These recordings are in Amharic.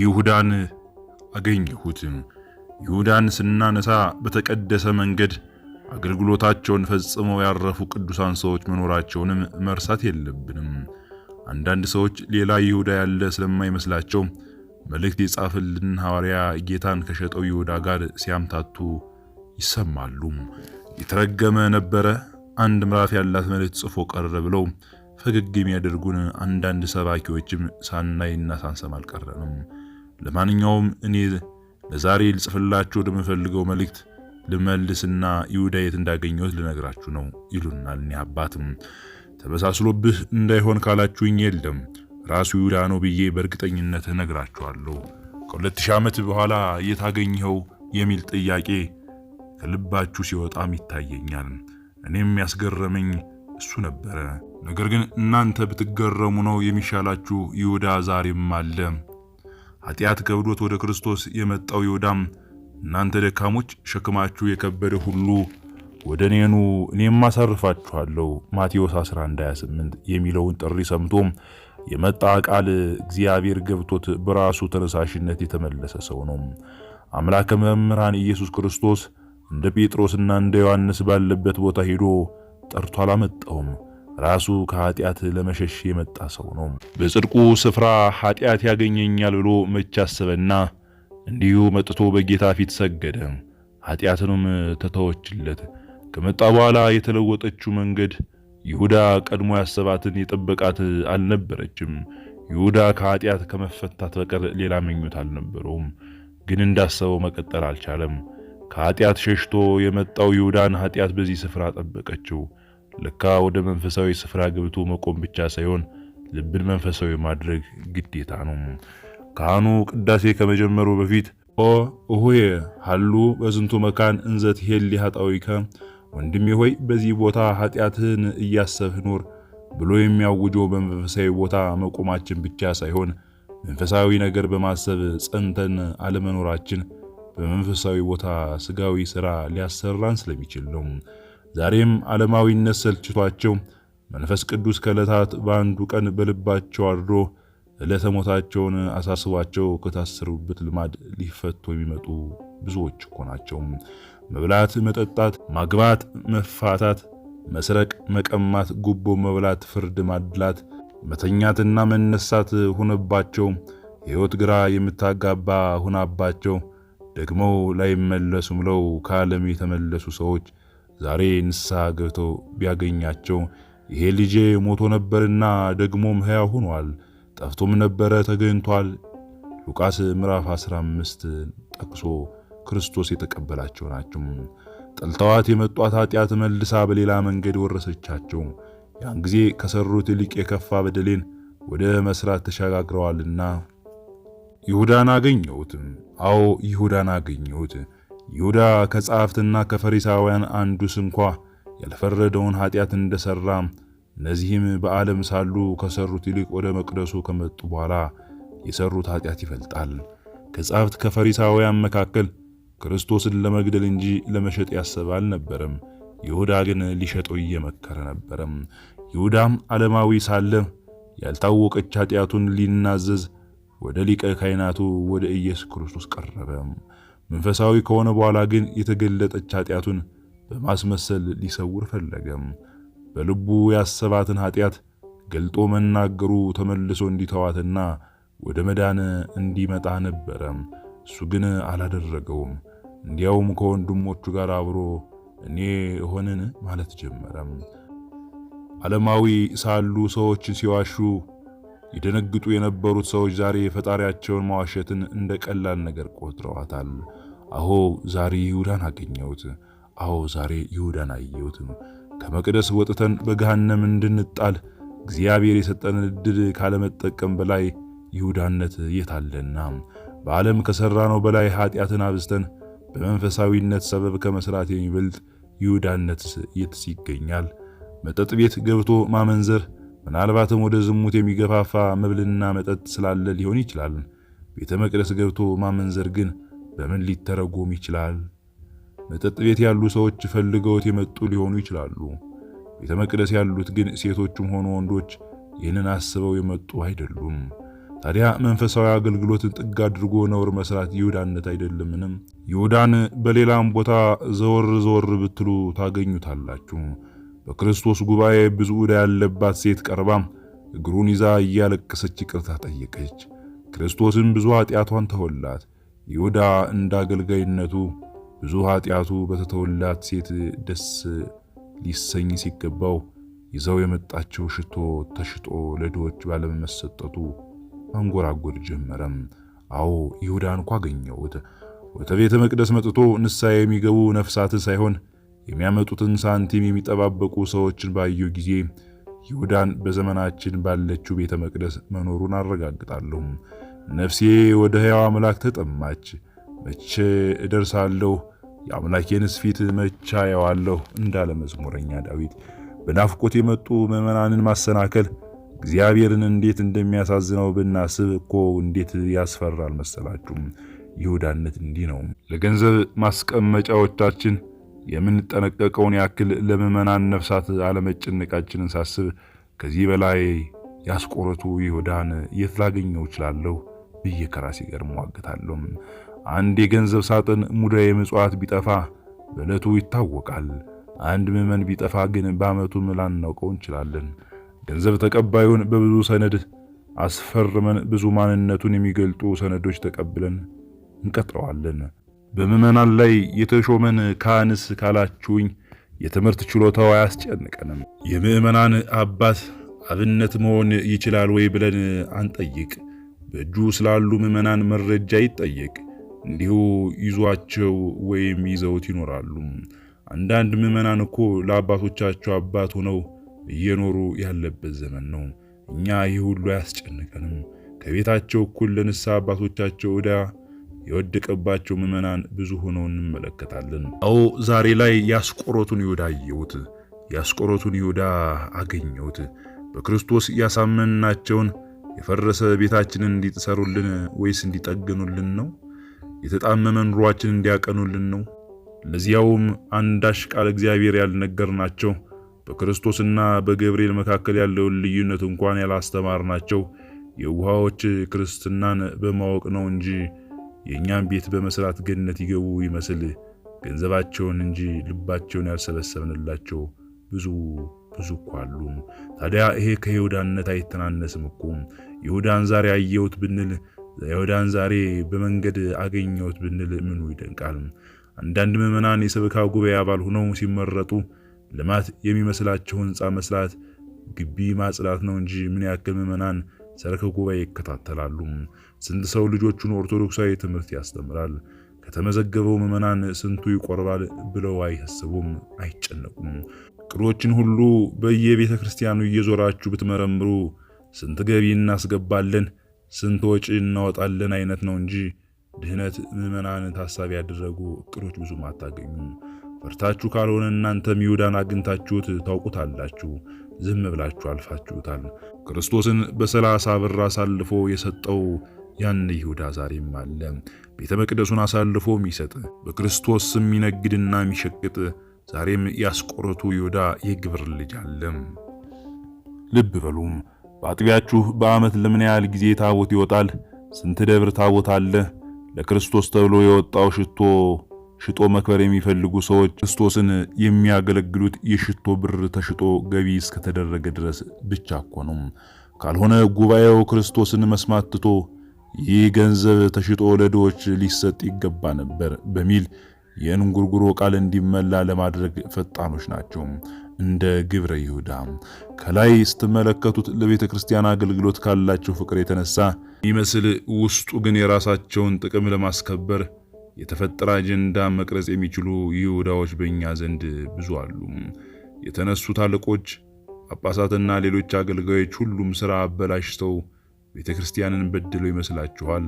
ይሁዳን አገኘሁት። ይሁዳን ስናነሳ በተቀደሰ መንገድ አገልግሎታቸውን ፈጽመው ያረፉ ቅዱሳን ሰዎች መኖራቸውንም መርሳት የለብንም። አንዳንድ ሰዎች ሌላ ይሁዳ ያለ ስለማይመስላቸው መልእክት የጻፈልን ሐዋርያ ጌታን ከሸጠው ይሁዳ ጋር ሲያምታቱ ይሰማሉ። የተረገመ ነበረ፣ አንድ ምዕራፍ ያላት መልእክት ጽፎ ቀረ ብለው ፈገግ የሚያደርጉን አንዳንድ ሰባኪዎችም ሳናይና ሳንሰማ አልቀረንም። ለማንኛውም እኔ ለዛሬ ልጽፍላችሁ ወደምፈልገው መልእክት ልመልስና ይሁዳ የት እንዳገኘሁት ልነግራችሁ ነው ይሉናል። እኒህ አባትም ተመሳስሎብህ እንዳይሆን ካላችሁኝ የለም ራሱ ይሁዳ ነው ብዬ በእርግጠኝነት እነግራችኋለሁ። ከሁለት ሺህ ዓመት በኋላ እየታገኘኸው የሚል ጥያቄ ከልባችሁ ሲወጣም ይታየኛል። እኔም ያስገረመኝ እሱ ነበረ። ነገር ግን እናንተ ብትገረሙ ነው የሚሻላችሁ። ይሁዳ ዛሬም አለ። ኃጢአት ከብዶት ወደ ክርስቶስ የመጣው ይሁዳም እናንተ ደካሞች ሸክማችሁ የከበደ ሁሉ ወደ እኔ እኔም አሳርፋችኋለሁ ማቴዎስ 11:28 የሚለውን ጥሪ ሰምቶ የመጣ ቃል እግዚአብሔር ገብቶት በራሱ ተነሳሽነት የተመለሰ ሰው ነው። አምላከ መምህራን ኢየሱስ ክርስቶስ እንደ ጴጥሮስና እንደ ዮሐንስ ባለበት ቦታ ሄዶ ጠርቶ አላመጣውም። ራሱ ከኃጢአት ለመሸሽ የመጣ ሰው ነው። በጽድቁ ስፍራ ኃጢአት ያገኘኛል ብሎ መች አሰበና እንዲሁ መጥቶ በጌታ ፊት ሰገደ፣ ኃጢአትንም ተተወችለት። ከመጣ በኋላ የተለወጠችው መንገድ ይሁዳ ቀድሞ ያሰባትን የጠበቃት አልነበረችም። ይሁዳ ከኃጢአት ከመፈታት በቀር ሌላ ምኞት አልነበረውም። ግን እንዳሰበው መቀጠል አልቻለም። ከኃጢአት ሸሽቶ የመጣው ይሁዳን ኃጢአት በዚህ ስፍራ ጠበቀችው። ለካ ወደ መንፈሳዊ ስፍራ ገብቶ መቆም ብቻ ሳይሆን ልብን መንፈሳዊ ማድረግ ግዴታ ነው። ካህኑ ቅዳሴ ከመጀመሩ በፊት ኦ እሁየ ሀሉ በዝንቱ መካን እንዘት ሄል ኃጣዊከ፣ ወንድሜ ሆይ በዚህ ቦታ ኃጢአትህን እያሰብህ ኖር ብሎ የሚያውጀው በመንፈሳዊ ቦታ መቆማችን ብቻ ሳይሆን መንፈሳዊ ነገር በማሰብ ጸንተን አለመኖራችን በመንፈሳዊ ቦታ ስጋዊ ስራ ሊያሰራን ስለሚችል ነው። ዛሬም ዓለማዊነት ሰልችቷቸው መንፈስ ቅዱስ ከዕለታት በአንዱ ቀን በልባቸው አድሮ ዕለተ ሞታቸውን አሳስቧቸው ከታሰሩበት ልማድ ሊፈቱ የሚመጡ ብዙዎች እኮ ናቸው። መብላት፣ መጠጣት፣ ማግባት፣ መፋታት፣ መስረቅ፣ መቀማት፣ ጉቦ መብላት፣ ፍርድ ማድላት፣ መተኛትና መነሳት ሆነባቸው። ሕይወት ግራ የምታጋባ ሆናባቸው ደግሞ ላይመለሱ ብለው ከዓለም የተመለሱ ሰዎች ዛሬ ንስሐ ገብቶ ቢያገኛቸው ይሄ ልጄ ሞቶ ነበርና ደግሞም ሕያው ሆኗል፣ ጠፍቶም ነበረ ተገኝቷል። ሉቃስ ምዕራፍ 15 ጠቅሶ ክርስቶስ የተቀበላቸው ናቸው። ጠልተዋት የመጧት ኃጢአት መልሳ በሌላ መንገድ ወረሰቻቸው። ያን ጊዜ ከሰሩት ይልቅ የከፋ በደሌን ወደ መስራት ተሸጋግረዋልና። ይሁዳን አገኘሁት። አዎ ይሁዳን አገኘሁት። ይሁዳ ከጸሐፍትና ከፈሪሳውያን አንዱ ስንኳ ያልፈረደውን ኃጢአት እንደሰራ እነዚህም በዓለም ሳሉ ከሰሩት ይልቅ ወደ መቅደሱ ከመጡ በኋላ የሰሩት ኃጢአት ይፈልጣል። ከጸሐፍት ከፈሪሳውያን መካከል ክርስቶስን ለመግደል እንጂ ለመሸጥ ያሰበ አልነበረም። ይሁዳ ግን ሊሸጠው እየመከረ ነበረም። ይሁዳም ዓለማዊ ሳለ ያልታወቀች ኃጢአቱን ሊናዘዝ ወደ ሊቀ ካህናቱ ወደ ኢየሱስ ክርስቶስ ቀረበ። መንፈሳዊ ከሆነ በኋላ ግን የተገለጠች ኃጢአቱን በማስመሰል ሊሰውር ፈለገም። በልቡ ያሰባትን ኃጢአት ገልጦ መናገሩ ተመልሶ እንዲተዋትና ወደ መዳን እንዲመጣ ነበረ። እሱ ግን አላደረገውም። እንዲያውም ከወንድሞቹ ጋር አብሮ እኔ እሆንን ማለት ጀመረም። ዓለማዊ ሳሉ ሰዎችን ሲዋሹ ይደነግጡ የነበሩት ሰዎች ዛሬ ፈጣሪያቸውን መዋሸትን እንደ ቀላል ነገር ቆጥረዋታል። አሆ ዛሬ ይሁዳን አገኘሁት፣ አዎ ዛሬ ይሁዳን አየሁት። ከመቅደስ ወጥተን በገሃነም እንድንጣል እግዚአብሔር የሰጠን እድል ካለመጠቀም በላይ ይሁዳነት የታለና በዓለም ከሠራነው በላይ ኃጢአትን አብዝተን በመንፈሳዊነት ሰበብ ከመሥራት የሚበልጥ ይሁዳነት የትስ ይገኛል? መጠጥ ቤት ገብቶ ማመንዘር ምናልባትም ወደ ዝሙት የሚገፋፋ መብልና መጠጥ ስላለ ሊሆን ይችላል። ቤተ መቅደስ ገብቶ ማመንዘር ግን በምን ሊተረጎም ይችላል? መጠጥ ቤት ያሉ ሰዎች ፈልገውት የመጡ ሊሆኑ ይችላሉ። ቤተ መቅደስ ያሉት ግን ሴቶችም ሆኑ ወንዶች ይህንን አስበው የመጡ አይደሉም። ታዲያ መንፈሳዊ አገልግሎትን ጥግ አድርጎ ነውር መስራት ይሁዳነት አይደለምንም? ይሁዳን በሌላም ቦታ ዘወር ዘወር ብትሉ ታገኙታላችሁ። በክርስቶስ ጉባኤ ብዙ ዕዳ ያለባት ሴት ቀርባም እግሩን ይዛ እያለቀሰች ይቅርታ ጠየቀች። ክርስቶስን ብዙ ኃጢአቷን ተወላት። ይሁዳ እንደ አገልጋይነቱ ብዙ ኃጢአቱ በተተወላት ሴት ደስ ሊሰኝ ሲገባው ይዘው የመጣቸው ሽቶ ተሽጦ ለድሆች ባለመሰጠቱ አንጎራጎድ ጀመረም። አዎ ይሁዳ እኮ አገኘሁት። ወደ ቤተ መቅደስ መጥቶ ንስሐ የሚገቡ ነፍሳት ሳይሆን የሚያመጡትን ሳንቲም የሚጠባበቁ ሰዎችን ባዩ ጊዜ ይሁዳን በዘመናችን ባለችው ቤተ መቅደስ መኖሩን አረጋግጣለሁ። ነፍሴ ወደ ሕያው አምላክ ተጠማች። መቼ እደርሳለሁ? የአምላኬንስ ፊት መቼ አየዋለሁ? እንዳለ መዝሙረኛ ዳዊት። በናፍቆት የመጡ ምዕመናንን ማሰናከል እግዚአብሔርን እንዴት እንደሚያሳዝነው ብናስብ እኮ እንዴት ያስፈራል መሰላችሁም። ይሁዳነት እንዲህ ነው። ለገንዘብ ማስቀመጫዎቻችን የምንጠነቀቀውን ያክል ለምዕመናን ነፍሳት አለመጨነቃችንን ሳስብ ከዚህ በላይ ያስቆረቱ ይሁዳን የት ላገኘው እችላለሁ? ብዬ ከራሴ ጋር እሟገታለሁ። አንድ የገንዘብ ሳጥን ሙዳ ምጽዋት ቢጠፋ በዕለቱ ይታወቃል። አንድ ምዕመን ቢጠፋ ግን በዓመቱ ላናውቀው እንችላለን። ገንዘብ ተቀባዩን በብዙ ሰነድ አስፈርመን ብዙ ማንነቱን የሚገልጡ ሰነዶች ተቀብለን እንቀጥረዋለን። በምዕመናን ላይ የተሾመን ካህንስ ካላችሁኝ የትምህርት ችሎታው አያስጨንቀንም። የምዕመናን አባት አብነት መሆን ይችላል ወይ ብለን አንጠይቅ። በእጁ ስላሉ ምዕመናን መረጃ ይጠየቅ። እንዲሁ ይዟቸው ወይም ይዘውት ይኖራሉ። አንዳንድ ምዕመናን እኮ ለአባቶቻቸው አባት ሆነው እየኖሩ ያለበት ዘመን ነው። እኛ ይህ ሁሉ አያስጨንቀንም። ከቤታቸው እኩል ለንስሐ አባቶቻቸው ዕዳ የወደቀባቸው ምዕመናን ብዙ ሆነው እንመለከታለን። አዎ ዛሬ ላይ የአስቆሮቱን ይሁዳ አየሁት። የአስቆሮቱን ይሁዳ አገኘሁት። በክርስቶስ ያሳመንናቸውን የፈረሰ ቤታችንን እንዲሰሩልን ወይስ እንዲጠግኑልን ነው? የተጣመመ ኑሯችን እንዲያቀኑልን ነው? ለዚያውም አንዳሽ ቃል እግዚአብሔር ያልነገርናቸው በክርስቶስና በገብርኤል መካከል ያለውን ልዩነት እንኳን ያላስተማርናቸው የውሃዎች ክርስትናን በማወቅ ነው እንጂ የእኛም ቤት በመስራት ገነት ይገቡ ይመስል ገንዘባቸውን እንጂ ልባቸውን ያልሰበሰብንላቸው ብዙ ብዙ እኮ አሉ። ታዲያ ይሄ ከይሁዳነት አይተናነስም እኮ። ይሁዳን ዛሬ አየሁት ብንል፣ ይሁዳን ዛሬ በመንገድ አገኘሁት ብንል ምኑ ይደንቃል? አንዳንድ ምዕመናን የሰበካ ጉባኤ አባል ሆነው ሲመረጡ ልማት የሚመስላቸው ህንፃ መስራት፣ ግቢ ማጽዳት ነው እንጂ ምን ያክል ምዕመናን ሰርከ ጉባኤ ይከታተላሉ? ስንት ሰው ልጆቹን ኦርቶዶክሳዊ ትምህርት ያስተምራል? ከተመዘገበው ምዕመናን ስንቱ ይቆርባል ብለው አይሰቡም፣ አይጨነቁም። ክፍሎችን ሁሉ በየቤተ ክርስቲያኑ እየዞራችሁ ብትመረምሩ ስንት ገቢ እናስገባለን፣ ስንት ወጪ እናወጣለን አይነት ነው እንጂ ድህነት ምመናን ታሳቢ ያደረጉ እቅዶች ብዙም አታገኙም። ፈርታችሁ ካልሆነ እናንተም ይሁዳን አግኝታችሁት ታውቁታላችሁ። ዝም ብላችሁ አልፋችሁታል። ክርስቶስን በሰላሳ ብር አሳልፎ የሰጠው ያን ይሁዳ ዛሬም አለ። ቤተ መቅደሱን አሳልፎ የሚሰጥ በክርስቶስ የሚነግድና የሚሸቅጥ ዛሬም ያስቆረቱ ይሁዳ የግብር ልጅ አለም። ልብ በሉም በአጥቢያችሁ በዓመት ለምን ያህል ጊዜ ታቦት ይወጣል? ስንት ደብር ታቦት አለ? ለክርስቶስ ተብሎ የወጣው ሽቶ ሽጦ መክበር የሚፈልጉ ሰዎች ክርስቶስን የሚያገለግሉት የሽቶ ብር ተሽጦ ገቢ እስከተደረገ ድረስ ብቻ እኮ ነው። ካልሆነ ጉባኤው ክርስቶስን መስማት ትቶ ይህ ገንዘብ ተሽጦ ለድሆች ሊሰጥ ይገባ ነበር በሚል የእንጉርጉሮ ቃል እንዲመላ ለማድረግ ፈጣኖች ናቸው። እንደ ግብረ ይሁዳ ከላይ ስትመለከቱት ለቤተ ክርስቲያን አገልግሎት ካላቸው ፍቅር የተነሳ ይመስል ውስጡ ግን የራሳቸውን ጥቅም ለማስከበር የተፈጠረ አጀንዳ መቅረጽ የሚችሉ ይሁዳዎች በእኛ ዘንድ ብዙ አሉ። የተነሱት አለቆች፣ ጳጳሳትና ሌሎች አገልጋዮች ሁሉም ስራ አበላሽተው ቤተ ክርስቲያንን በድለው ይመስላችኋል?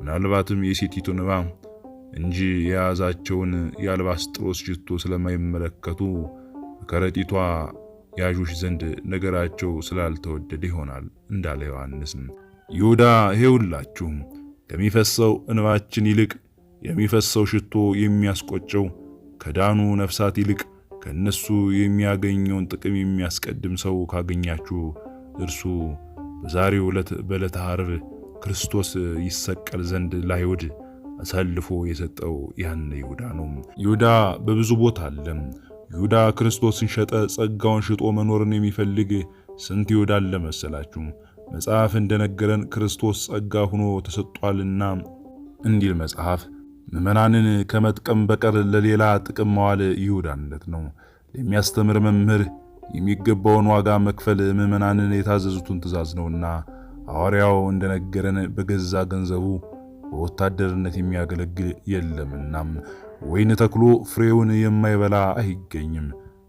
ምናልባትም የሴቲቱ እንባ እንጂ የያዛቸውን የአልባስጥሮስ ሽቶ ስለማይመለከቱ ከረጢቷ ያዦች ዘንድ ነገራቸው ስላልተወደደ ይሆናል እንዳለ ዮሐንስ። ይሁዳ ይሄውላችሁ ከሚፈሰው እንባችን ይልቅ የሚፈሰው ሽቶ የሚያስቆጨው ከዳኑ ነፍሳት ይልቅ ከነሱ የሚያገኘውን ጥቅም የሚያስቀድም ሰው ካገኛችሁ እርሱ በዛሬው ዕለት በዕለተ ዓርብ ክርስቶስ ይሰቀል ዘንድ ላይውድ አሳልፎ የሰጠው ያነ ይሁዳ ነው። ይሁዳ በብዙ ቦታ አለ ይሁዳ ክርስቶስን ሸጠ፣ ጸጋውን ሽጦ መኖርን የሚፈልግ ስንት ይሁዳ አለ መሰላችሁ? መጽሐፍ እንደነገረን ክርስቶስ ጸጋ ሆኖ ተሰጧልና እንዲል መጽሐፍ ምዕመናንን ከመጥቀም በቀር ለሌላ ጥቅም መዋል ይሁዳነት ነው። ለሚያስተምር መምህር የሚገባውን ዋጋ መክፈል ምዕመናንን የታዘዙትን ትእዛዝ ነውና ሐዋርያው እንደነገረን በገዛ ገንዘቡ በወታደርነት የሚያገለግል የለምና ወይን ተክሎ ፍሬውን የማይበላ አይገኝም።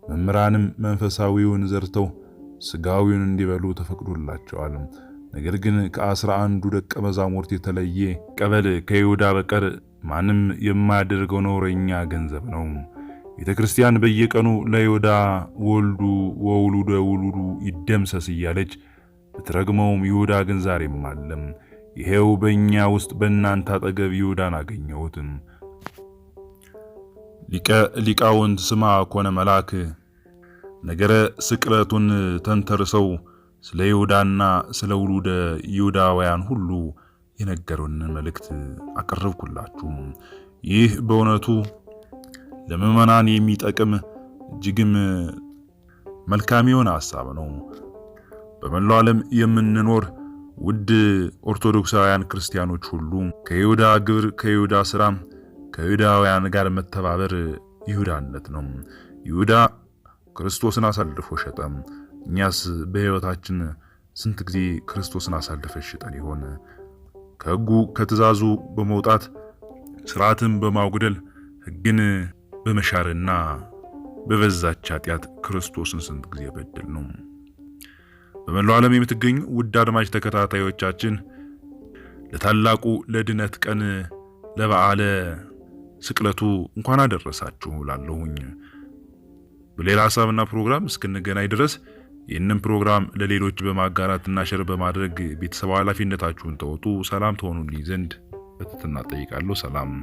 መምህራንም መንፈሳዊውን ዘርተው ስጋዊውን እንዲበሉ ተፈቅዶላቸዋል። ነገር ግን ከአስራ አንዱ ደቀ መዛሙርት የተለየ ቀበል ከይሁዳ በቀር ማንም የማያደርገው ነውረኛ ገንዘብ ነው። ቤተ ክርስቲያን በየቀኑ ለይሁዳ ወልዱ ወውሉደ ውሉዱ ይደምሰስ እያለች ብትረግመውም ይሁዳ ግን ዛሬም አለም። ይሄው በእኛ ውስጥ በእናንተ አጠገብ ይሁዳን አገኘሁት። ሊቃውንት ስማ ኮነ መልአክ ነገረ ስቅለቱን ተንተርሰው ስለ ይሁዳና ስለ ውሉደ ይሁዳውያን ሁሉ የነገሩን መልእክት አቀረብኩላችሁ። ይህ በእውነቱ ለምእመናን የሚጠቅም እጅግም መልካም የሆነ ሐሳብ ነው። በመላው ዓለም የምንኖር ውድ ኦርቶዶክሳውያን ክርስቲያኖች ሁሉ ከይሁዳ ግብር፣ ከይሁዳ ስራ፣ ከይሁዳውያን ጋር መተባበር ይሁዳነት ነው። ይሁዳ ክርስቶስን አሳልፎ ሸጠ። እኛስ በሕይወታችን ስንት ጊዜ ክርስቶስን አሳልፈን ሸጠን ይሆን? ከሕጉ ከትእዛዙ በመውጣት ስርዓትን በማጉደል ሕግን በመሻርና በበዛች ኃጢአት ክርስቶስን ስንት ጊዜ በደል ነው። በመላው ዓለም የምትገኙ ውድ አድማጭ ተከታታዮቻችን ለታላቁ ለድነት ቀን ለበዓለ ስቅለቱ እንኳን አደረሳችሁ ላለሁኝ። በሌላ ሀሳብና ፕሮግራም እስክንገናኝ ድረስ ይህንን ፕሮግራም ለሌሎች በማጋራትና ሸር በማድረግ ቤተሰብ ኃላፊነታችሁን ተወጡ። ሰላም ተሆኑልኝ ዘንድ በትህትና ጠይቃለሁ። ሰላም